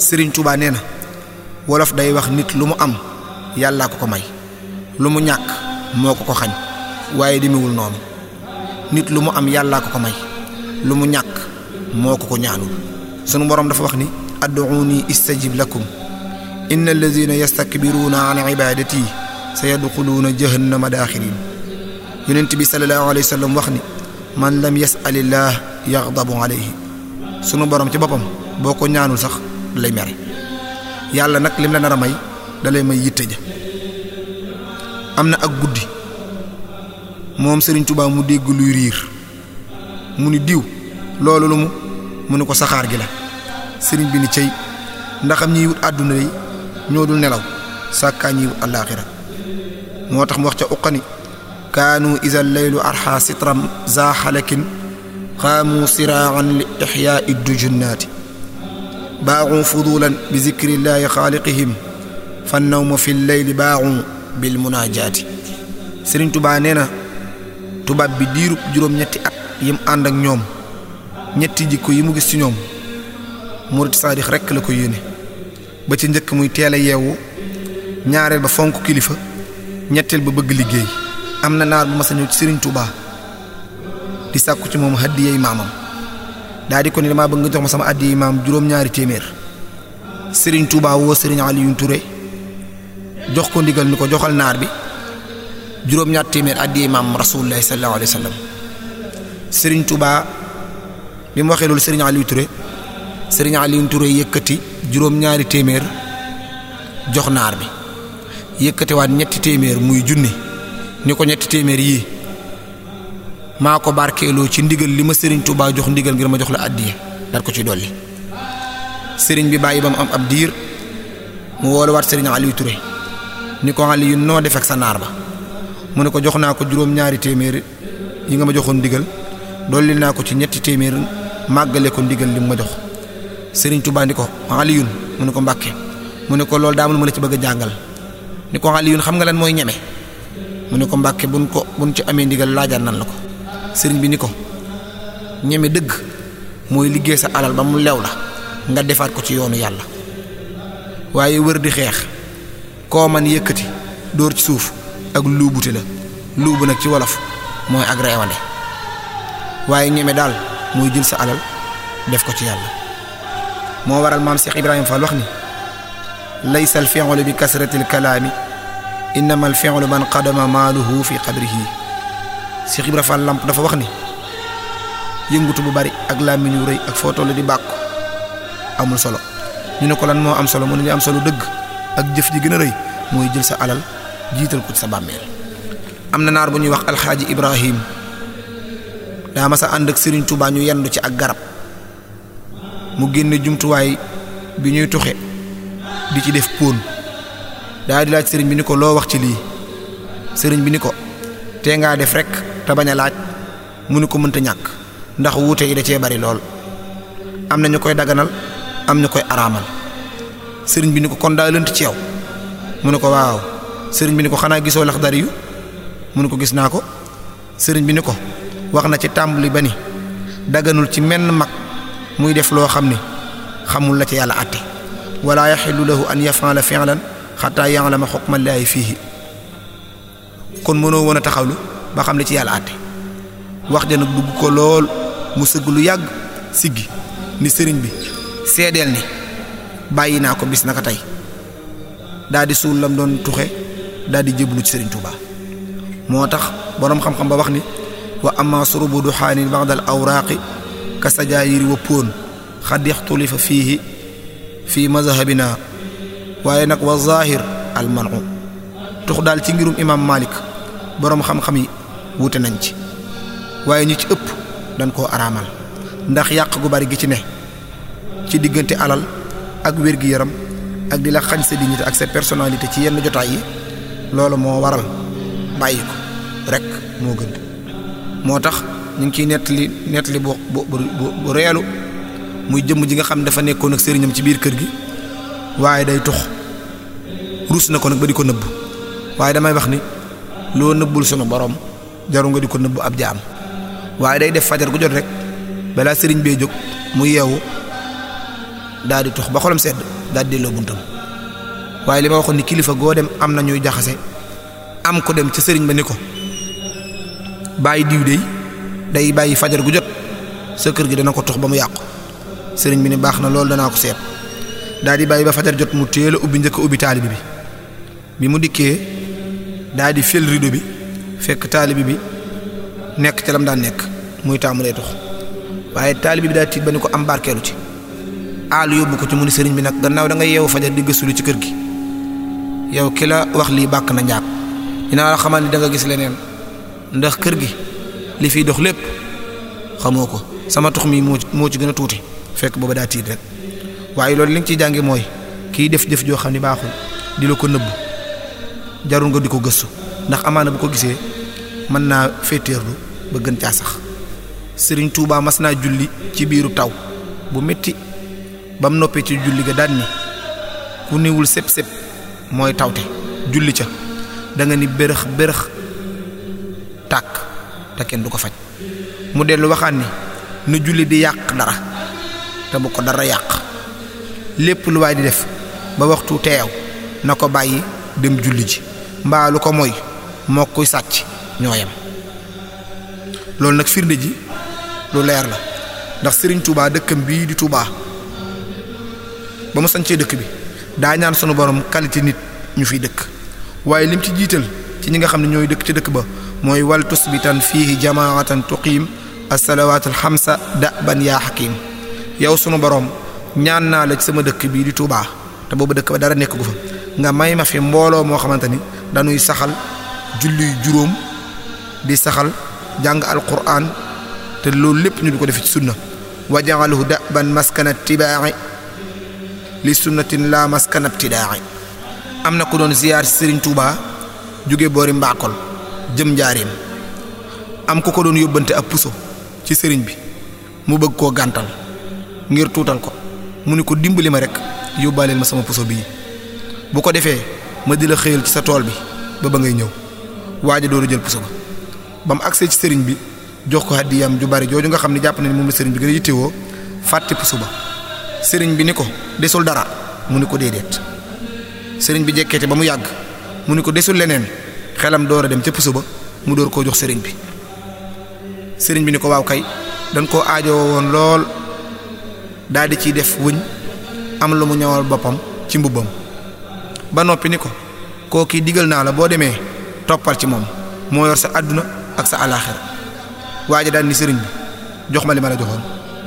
sëriñ Touba nee na wolof day wax nit lu mu am yàllaa ko ko may lu mu ñàkk moo ko ko xañ waaye demewul noonu nit lu mu am yàllaa ko ko may lu mu ñàkk moo ko ko ñaanul sunu borom dafa wax ni ad'uuni istajib lakum inna alladina yastakbiruuna an ibadati sa yadxuluuna jahannama daaxilin yonent bi sallallahu alayhi wa sallam wax ni man lam yasalillah yaxdabu alayhi sunu borom ci boppam boo ko ñaanul sax da mere yàlla nag lim la nar a may da may yitte ja am na ak guddi moom sëriñ Touba mu dégg luy riir mu ni diw loolu lu mu mu ko saxaar gi la Serigne bi ni cey ndaxam ñiy wut àdduna yi ñoo dul nelaw sàkkaa ñiy wut àllaaxira moo tax mu wax ca uqani kaanu isa leylu arxa sitram za xalakin xaamu siraan li ixyaa iddu junnaati baaxu fudulan bi zikrillaahi xaaliqihim fan nawmu fi leyli baaxu bil munaajaati sëriñ tubaa nee na tubaab bi diirub juróom-ñetti at yim ànd ak ñoom ñetti jikko yi mu gis ci ñoom murit saadix rekk la ko yéene ba ci njëkk muy teel a yeewu ñaareel ba fonk kilifa ñetteel ba bëgg liggéey am na naar bu ma sa ñëw ci sëriñ tubaa di sàkku ci moom haddiyey maamam daa di ko ne damaa bëgg nga jox ma sama addi maam juróom-ñaari téeméer Serigne Touba woo Serigne Alioune Touré jox ko ndigal ni ko joxal naar bi juróom-ñaar téeméer addi maam Rasulullahi sallallahu alayhi wa sallam sëriñ Touba bi mu waxee loolu Serigne Alioune Touré Serigne Alioune Touré yëkkati juróom-ñaari téeméer jox naar bi yëkkatiwaat ñetti téeméer muy junni ni ko ñetti téeméer yii. maa ko barkeeloo ci ndigal li ma sëriñ Touba jox ndigal ngir ma jox la àddiya dal ko ci dolli sëriñ bi bàyyi ba mu am ab diir mu wooluwaat sëriñ Aliou Touré ni ko Aliou noo def sa naar ba mu ne ko jox naa ko juróom-ñaari téeméer nga ma joxoon ndigal dolli naa ko ci ñetti téeméer màggale ko ndigal li mu ma jox sëriñ Touba ni ko mu ne ko Mbàkke mu ne ko loolu daa ma la ci bëgg a jàngal ni ko Aliou xam nga lan mooy ñeme mu ne ko Mbàkke buñ ko buñ ci amee ndigal laajaat nan la ko. sëriñ bi ni ko ñeme dëgg mooy liggéey sa alal ba mu lew la nga defaat ko ci yoonu yàlla waaye wër di xeex koo man yëkkati dóor ci suuf ak luubute la luubu nag ci wolof mooy ak reewande waaye ñeme daal mooy jël sa alal def ko ci yàlla moo waral maam Cheikh Ibrahima Fall wax ni laysa al fi'lu bi kasratil kalaami innama al fi'lu man qadama maaluhu fi qadrihi Cheikh Ibra Fall làmp dafa wax ni yëngutu bu bari ak làmmiñ wu rëy ak foo toll di bàkku amul solo ñu ne ko lan moo am solo mu ne li am solo dëgg ak jëf ji gën a rëy mooy jël sa alal jiital ko ci sa bàmmeel am na naar bu ñuy wax alxaaji Ibrahim daa ma sa ànd ak Serigne Touba ñu yendu ci ak garab mu génne jumtuwaay bi ñuy toxe di ci def póon daa di laaj sëriñ bi ni ko loo wax ci lii sëriñ bi ni ko tee ngaa def rekk te bañ a laaj mu ni ko mënta ñàkk ndax wuute yi da cee bari lool am na ñu koy daganal am ñu koy araamal sëriñ bi ni ko kon daa lënt ci yow mu ne ko waaw sëriñ bi ni ko xanaa gisoo laxdari yu mu ne ko gis naa ko sëriñ bi ni ko wax na ci tàmbali ba ni daganul ci menn mag muy def loo xam ni xamul la ci yàlla àtte wala yaxillu lahu an yafaala fi'lan xataa ya'lama xukma llaahi fiihi kon mënoo woon a taxawlu ba xam li ci yàlla àtte wax ja nag dugg ko lool mu sëgg lu yàgg siggi ni sëriñ bi seedeel ni bàyyi naa ko bis naka tey daldi di suul lam doon tuxe daa di jëblu ci sëriñ Tuuba moo tax boroom xam-xam ba wax ni wa amma surubu duxaanin ba'dal awraaqi ka sajaayiri wa póon xad yaxtulifa fiihi fii mazhabina waaye nag wa zaahir al tux daal ci ngirum imaam Malik boroom xam-xam yi wute nañ ci waaye ñu ci ëpp dañ koo araamal ndax yàq gu bari gi ci ne ci diggante alal ak wér-gi-yaram ak di la xañ sa dignité ak sa personnalité ci yenn jotaay yi loolu moo waral bàyyi ko rek moo gën moo tax ñu ngi ciy nettali nettali bu bu bu reelu muy jëmm ji nga xam ne dafa nekkoon ak sëriñam ci biir kër gi waaye day tux ruus na ko nag ba di ko nëbb waaye damay wax ni loo nëbbul sunu borom jaru nga di ko nëbb ab jaam waaye day def fajar gu jot rek balaa sëriñ bee jóg mu yeewu daal di tox ba xolam sedd daal di delloo buntam waaye li ma waxoon ni kilifa goo dem am na ñuy jaxase am ko dem ci sëriñ ba ni ko bàyyi diw dey day bàyyi fajar gu jot sa kër gi dana ko tox ba mu yàqu sëriñ bi ni baax na loolu danaa ko seet daal di bàyyi ba fajar jot mu téel a ubbi njëkk a ubbi taalibe bi bi mu dikkee daal di fël rido bi. fekk taalibi bi nekk ca lam daan nekk muy taamulee tox waaye taalibi bi daa tiit ba ni ko am barkeelu ci aalu yóbbu ko ci mu sëriñ bi nag gannaaw da nga yeewu fajar di gëstu ci kër gi yow ki la wax lii bàkk na njaag dinaa la xamal ni da gis leneen ndax kër gi li fiy dox lépp xamoo ko sama tox mi moo ci moo ci gën a tuuti fekk boobu daa tiit rek waaye loolu li nga ciy jànge mooy kiy def jëf joo xam ne baaxul di la ko nëbbu jarul nga di ko gëstu ndax amaana bu ko gisee mën naa féeteerlu ba gën caa sax sëriñ tuuba mas naa julli ci biiru taw bu metti bam noppee ci julli ga daan ni ku niwul sëp sëp mooy tawte julli ca danga ni bërëx bërëx tàkk te kenn du ko faj mu dellu waxaat ni na julli di yàq dara te bu ko dara yàq lépp lu waay di def ba waxtu teew na ko bàyyi dem julli ji mbaa lu ko moy moo kuy sàcc ñoo loolu nag firnde ji lu leer la ndax sëriñ Touba dëkkam bii di Touba ba mu sancee dëkk bi daa ñaan sunu borom qualité nit ñu fiy dëkk waaye lim ci jiital ci ñi nga xam ne ñooy dëkk ci dëkk ba mooy wal tusbitan fiihi jamaatan tuqiim as-salawaat al-xamsa da ban yaa xakiim yow sunu borom ñaan naa la sama dëkk bii di Touba te boobu dëkk ba dara nekk ku fa nga may ma fi mbooloo moo xamante ni dañuy saxal julli juróom di saxal jàng alquran te loolu lépp ñu di ko defee ci sunna wajaxaluhu ban maskana tibaaxi li sunnatin la maskana ibtidaaxi am na ku doon ziyaar ci Sëriñ Tuuba jóge boori mbaakol jëm njaareem am ku ko doon yóbbante ab puso ci sëriñ bi mu bëgg koo gàntal ngir tuutal ko mu ni ko dimbali ma rek yóbbaaleel ma sama puso bii bu ko defee ma di la xëyal ci sa tool bi ba ba ngay ñëw waaj a door a jël puso ba ba mu agsee ci sëriñ bi jox ko hàddiyaam ju bari jooju nga xam ne jàpp na ni moom la sëriñ bi gën a yittewoo fàtte puso sëriñ bi ni ko desul dara mu ni ko déedéet sëriñ bi jekkete ba mu yàgg mu ni ko desul leneen xelam door a dem ca puso ba mu dóor koo jox sëriñ bi sëriñ bi ni ko waaw kay dañ koo aajoo woon lool daal di ciy def wëñ am lu mu ñawal boppam ci mbubbam ba noppi ni ko koo kii digal naa la boo demee toppal ci moom moo yor sa àdduna ak sa alaaxira waa ji daan ni sëriñ bi jox ma li ma la joxoon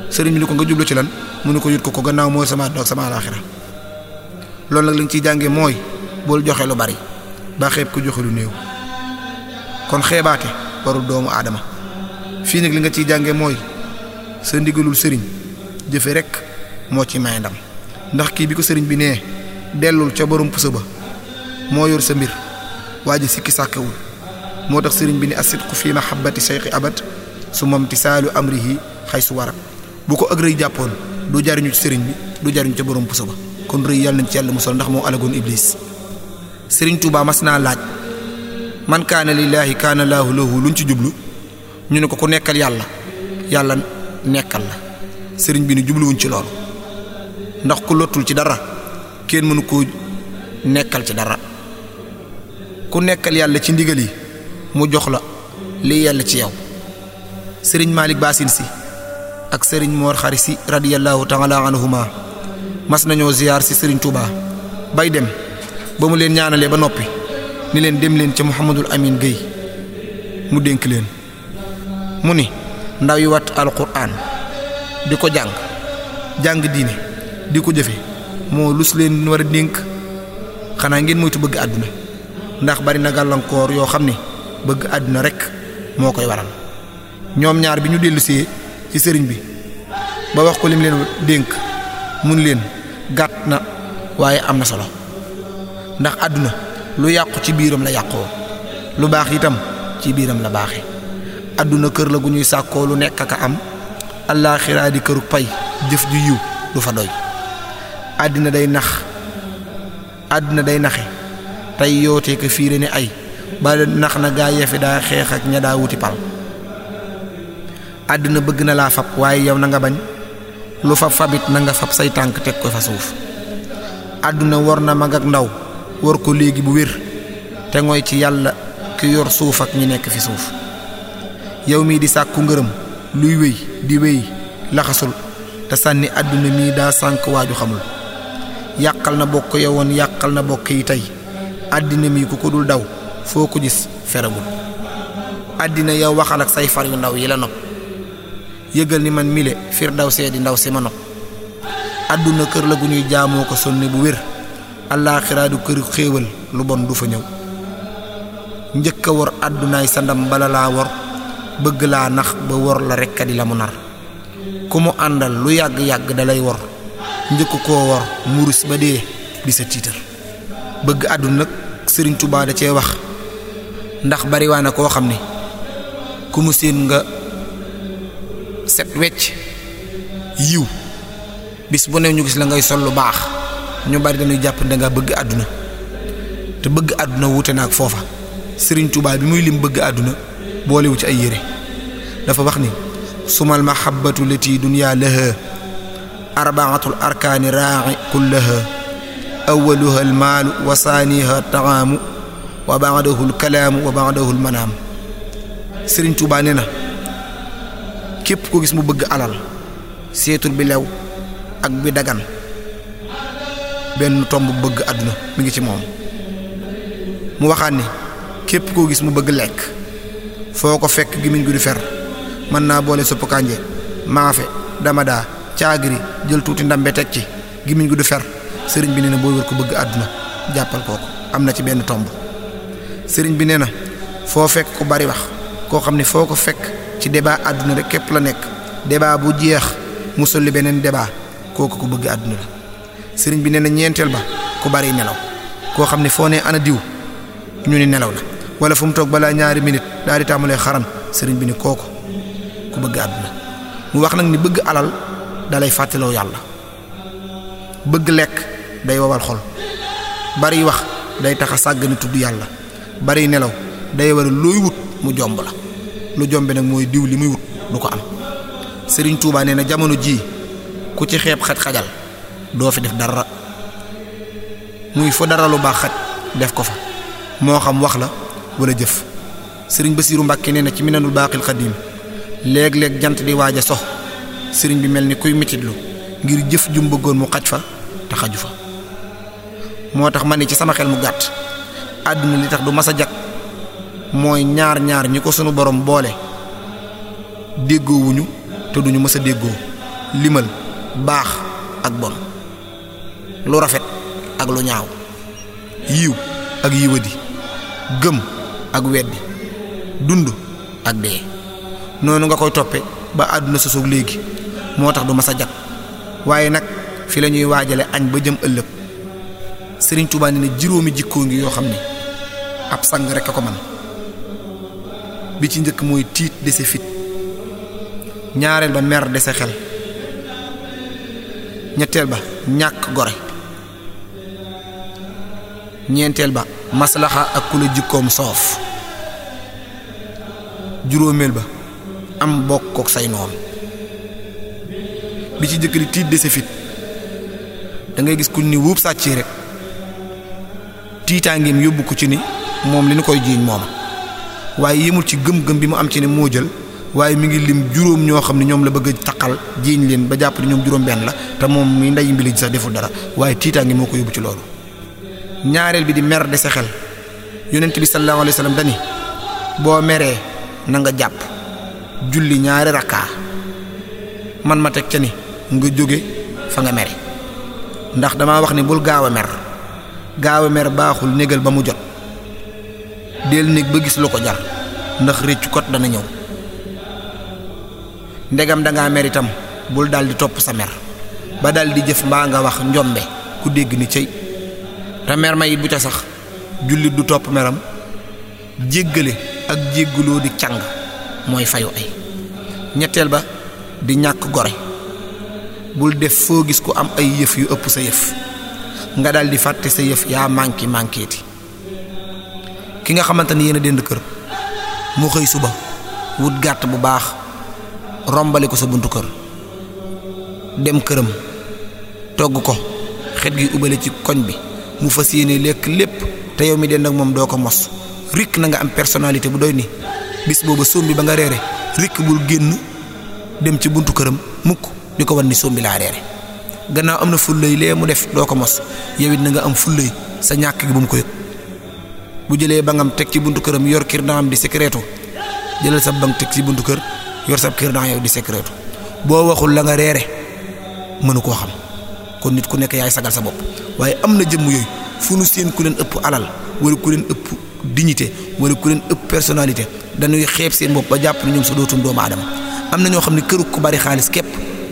sëriñ bi ni ko nga jublu ci lan mu ne ko yut ko ko gannaaw moo yor sama àdduna ak sama alaaxira loolu nag lañ ciy jàngee mooy bul joxe lu bari ba xeeb ko joxe lu néew kon xeebaate warul doomu aadama fii nag li nga ciy jànge mooy sa ndigalul sëriñ jëfe rekk moo ci may ndam ndax kii bi ko sëriñ bi nee dellul ca borom puso ba moo yor sa mbir waa ji sikki sàkkewul moo tax sëriñ bi ni asidqu fii mahabbati cheikhi abad su moom ti saalu amrihi xay su warak bu ko ak rëy jàppoon du jariñu ci sëriñ bi du jariñu ca borom puso ba kon rëy yàlla nañ ci yàlla musal ndax moo alagoon iblis sëriñ Touba mas naa laaj man kaana lillaahi kaana laahu lahu luñ ci jublu ñu ne ko ku nekkal yàlla yàlla nekkal la sëriñ bi ni jubluwuñ ci lool ndax ku lottul ci dara kenn mënu ko nekkal ci dara ku nekkal yàlla ci ndigal yi mu jox la li yàlla ci yow sëriñ Malick Bassine si ak sëriñ Mor Khari si radiyallahu taala anhuma mas nañoo ziyaar si sëriñ Touba bay dem ba mu leen ñaanalee ba noppi ni leen dem leen ca Mouhamadul Amine Guèye mu dénk leen mu ni ndaw yi wat alquran di ko jàng jàng diine di ko jëfe moo lus leen war dénk xanaa ngeen moytu bëgg àdduna ndax bari na gàllankoor yoo xam ne bëgg àdduna rek moo koy waral ñoom ñaar bi ñu dellusee ci sëriñ bi ba wax ko lim leen dénk mu mun leen gàtt na waaye am na solo ndax àdduna lu yàqu ci biiram la yàqoo lu baax itam ci biiram la baaxe àdduna kër la gu ñuy sàkkoo lu nekk ak am allaaxiraa di këru pay jëf ju yiw du fa doy àddina day nax àdduna day naxe tey yootee ko fiire ni ay ba nax na gaa yeefi daa xeex ak ña daa wuti pal àdduna bëgg na laa fab waaye yow na nga bañ lu fab fabit na nga fab say tànk teg ko fa suuf àdduna war na mag ak ndaw war ko léegi bu wér te ngooy ci yàlla ki yor suuf ak ñi nekk fi suuf yow mii di sàkku ngërëm luy wéy di wéy laxasul te sànni àdduna mii daa sànk waaju xamul yàqal na bokk yowoon yàqal na bokk yi tey àddina mi ku ko dul daw foo ko gis feragul àddina yow waxal ak say far yu ndaw yi la nopp yëgal ni man mile fir daw see di ndaw si ma nopp àdduna kër la gu ñuy jaamoo ko sonne bu wér allaaxiraa du këru xéewal lu bon du fa ñëw njëkk a wor àddunaay sa ndam bala laa wor bëgg laa nax ba wor la rekk di la mu nar ku mu àndal lu yàgg-yàgg dalay wor njëkk koo wor murus ba dee di sa tiitar bëgg àdduna nag sëriñ Touba da cee wax ndax bariwaa na koo xam ne ku mu séen nga set wecc yiw bis bu ne ñu gis la ngay sol lu baax ñu bari dañuy jàpp da nga bëgg àdduna te bëgg àdduna wuute na ak foofa sëriñ Touba bi muy lim bëgg àdduna boolewu ci ay yére dafa wax ni sumal mahabbatu lati dunya laha arbaatul arkaani raa'i kullaha awaluha almaalu wa saaniha taxaamu wa baadahu lkalaamu wa baadahu lmanaam sëriñ Tuubaa na képp ko gis mu bëgg alal seetul bi lew ak bi dagan benn tomb bëgg àdduna mi ngi ci moom mu waxaat ni képp koo gis mu bëgg lekk foo ko fekk gémmiñ gi du fer mën naa boole sopp kànje maafe damadaa caagiri jël tuuti ndambe teg ci gémmiñ gi du fer sëriñ bi nee na booy wër ko bëgg àdduna jàppal kooku am na ci benn tomb sëriñ bi nee na foo fekk ku bari wax koo xam ne foo ko fekk ci débat àdduna rek képp la nekk débat bu jeex mu solli beneen débat kooku ku bëgg àdduna la sëriñ bi nee na ñeenteel ba ku bari nelaw koo xam ne foo nee ana diw ñu ni nelaw la wala fu mu toog balaa ñaari minute daal di tàmbalee xaram sëriñ bi ne kooku ku bëgg àdduna mu wax nag ni bëgg alal dalay fàttaloo yàlla bëgg lekk day wowal xol bari wax day tax a sàggane tudd yàlla bari nelaw day war looy wut mu jomb la lu jombe nag mooy diw li muy wut du ko am sëriñ Touba nee na jamono jii ku ci xeeb xaj-xajal doo fi def dara muy fa dara lu baax xaj def ko fa moo xam wax la wala jëf sëriñ ba siiru Mbacké nee na ci minanul baaxil xadim léeg-léeg jant di waaj a sox Serigne bi mel ni kuy mititlu ngir jëf jum bëggoon mu xaj fa te xaju fa. moo tax ma ne ci sama xel mu gàtt àdduna li tax du mas a jag mooy ñaar ñaar ñi ko sunu borom boole déggowuñu te duñu mas a déggoo limal baax ak bon lu rafet ak lu ñaaw yiw ak yiwadi gëm ak weddi dund ak dee noonu nga koy toppe ba àdduna sosoog léegi moo tax du mas a jag waaye nag fi lañuy ñuy waajale añ ba jëm ëllëg Serigne Touba ne na juróomi jikkoo ngi yoo xam ne ab sang rek a ko man bi ci njëkk mooy tiit de sa fit ñaareel ba mer de xel ñetteel ba ñàkk gore ñeenteel ba maslaxa ak ku la jikkoom soof juróomeel ba am bokk ak say noon bi ci njëkk li tiit de sa fit gis ku ni wuub sàcc rek tiitaangeem yóbbu ko ci ni moom li ñu koy jiiñ moom waaye yemul ci gëm-gëm bi mu am ci ne moo jël waaye mi ngi lim juróom ñoo xam ne ñoom la bëgg a taqal jiiñ leen ba jàpp ne ñoom juróom benn la te moom mi nday mbili sax deful dara waaye tiitaange moo ko yóbbu ci loolu ñaareel bi di mer de sa xel yonent bi sallallahu alayhi wasallam dani boo meree na nga jàpp julli ñaari rakkaa man ma teg ca ni nga jóge fa nga mere ndax damaa wax ne bul gaaw a mer gaaw a mer baaxul négal ba mu jot del nég ba gis la ko jar ndax réccu kot dana ñëw ndegam dangaa mer itam bul daldi topp sa mer ba daldi di jëf mbaa nga wax njombe ku dégg ni cëy te ma it bu ca sax jullit du topp meram jéggale ak jéggaloo di càng mooy fayu ay ñetteel ba di ñàkk gore bul def foo gis ku am ay yëf yu ëpp sa yëf nga daal di fàtte sa yëf yaa manqué manqué ti ki nga xamante ni yéen a dend kër mu xëy suba wut gàtt bu baax rombali ko sa buntu kër dem këram togg ko xet gi ubale ci koñ bi mu fas yéene lekk lépp te yow mi dend nag moom doo ko mos rik na nga am personnalité bu doy ni bis booba sombi ba nga reere rik bul génn dem ci buntu këram mukk di ko wan ni sombi laa reere gannaaw am na fullay lee mu def doo ko mos yow it na nga am fullay sa ñàkk gi bu mu ko yëg bu jëlee bangam teg ci buntu këram yor kir daam di secrétu jëlal sa bang teg ci buntu kër yor sa kir yow di secrétu boo waxul la nga reere mënu koo xam kon nit ku nekk yaay sagal sa bopp waaye am na jëmm yooyu fu nu seen ku leen ëpp alal wala ku leen ëpp dignité wala ku leen ëpp personalité dañuy xeeb seen bopp ba jàpp ne ñoom sa dootum doomu aadama na ñoo xam ne këru ku bari xaalis képp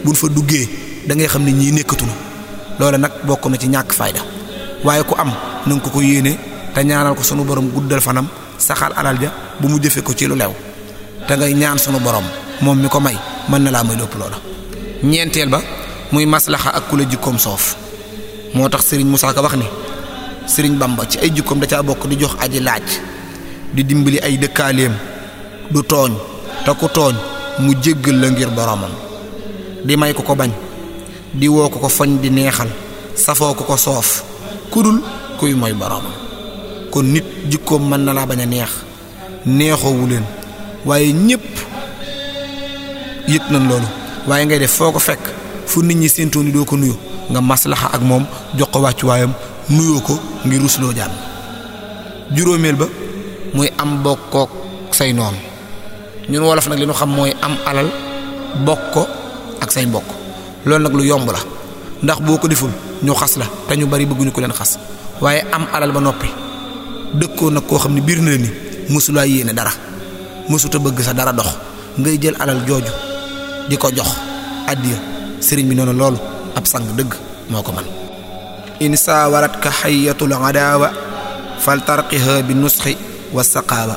buñ fa duggee. da ngay xam ne ñii nekkatunu loole nag bokk na ci ñàkk fayda waaye ku am na nga ko ko yéene te ñaanal ko sunu borom guddal fanam saxal alal ja bu mu jëfee ko ci lu lew te ngay ñaan sunu borom moom mi ko may mën na laa may lépp loola. ñeenteel ba muy maslaxa ak ku la jikkoom soof moo tax Serigne Moussa Ka wax ni Serigne Bamba ci ay jikkoom da caa bokk di jox aji laaj di dimbali ay dëkkaaleem du tooñ te ku tooñ mu jéggal la ngir boromam di may ko ko bañ. di woo ko ko fañ di neexal safoo ko ko soof kudul kuy mooy boroomam kon nit jikkoom mën na laa bañ a neex neexoowu leen waaye ñépp yëg nañ loolu waaye ngay def foo ko fekk fu nit ñi séentoo ni doo ko nuyu nga maslaxa ak moom jox ko wàccuwaayam nuyoo ko ngir rusloo jàmm juróomeel ba muy am bokkook say noonu ñun wolof nag li ñu xam mooy am alal bokk ko ak say mbokk loolu nag lu yomb la ndax boo ko deful ñu xas la te ñu bari bëgguñu ko leen xas waaye am alal ba noppi dëkkoo nag koo xam ne biir na la ni mësulaa yéene dara mësuta bëgg sa dara dox ngay jël alal jooju di ko jox addiya sëriñ bi noonu loolu ab sang dëgg moo ko man in saawarat ka xayatul adaawa fal bi nusxi wa saqaawa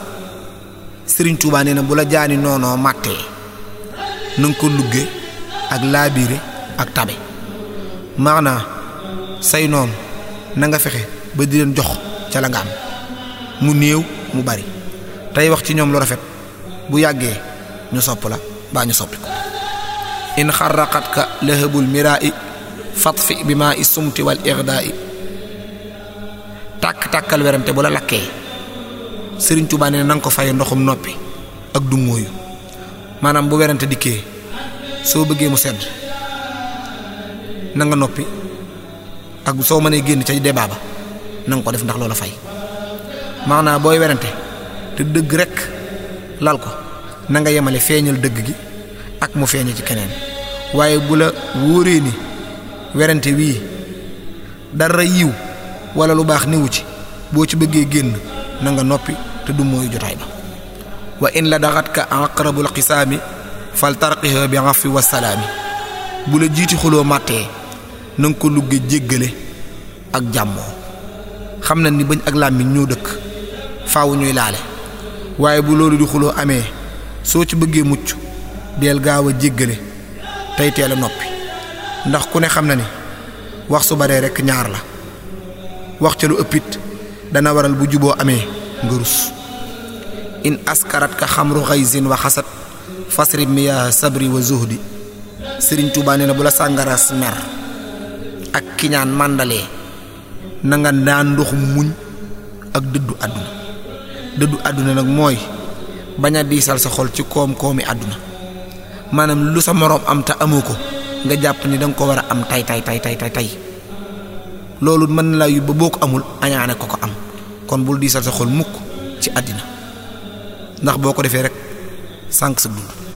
sëriñ Tuubaa nee na bu la jaani noonoo màttee na nga ko lugge ak laabiire ak tabe maanaa say noonu na nga fexe ba di leen jox ca la nga am mu néew mu bari tey wax ci ñoom lu rafet bu yàggee ñu sopp la baa ñu soppi ko in xarraqat ka lahabul miraa'i fatfi bi maa i sumti wal irdaa'i tàkk-tàkkal werante bu la lakkee sëriñ Tuubaa ne na nga ko fay ndoxum noppi ak du mooyu maanaam bu werante dikkee soo bëggee mu sedd na nga noppi ak soo mënee génn ca débat ba na ko def ndax loola fay maanaa booy werante te dëgg rek lal ko na nga yemale feeñal dëgg gi ak mu feeñe ci keneen waaye bu la wóoree ni werante wii dara yiw wala lu baax newu ci boo ci bëggee génn na nga noppi te du mooy jotaay ba wa in la daxat ka aqrabul xisaami fal tarqiha bi afi wa salaami bu la jiiti xuloo màttee na nga ko lugge jéggale ak jàmmoo xam na ni bëñ ak làmmiñ ñoo dëkk faaw ñuy laale waaye bu loolu di xuloo amee soo ci bëggee mucc deel gaaw a jéggale tey teela a noppi ndax ku ne xam na ni wax su baree rekk ñaar la wax ca lu ëppit dana waral bu juboo amee nga rus in askarat ka xamru xaysin wa fasri fasrib miyaa sabri wa zuhdi sëriñ Tuubaa na bu la sàngaraas mer ak kiñaan màndalee nanga nga daan ndoxum muñ ak dëddu àdduna dëddu àdduna nag mooy bañ a diisal sa xol ci koom-koomi àdduna maanaam lu sa moroom am te amoo ko nga jàpp ni danga ko war a am tay tay tay tay tay loolu mën na laa yóbbu boo ko amul añaane ko ko am kon bul diisal sa xol mukk ci àddina ndax boo ko defee rek sànq sa dund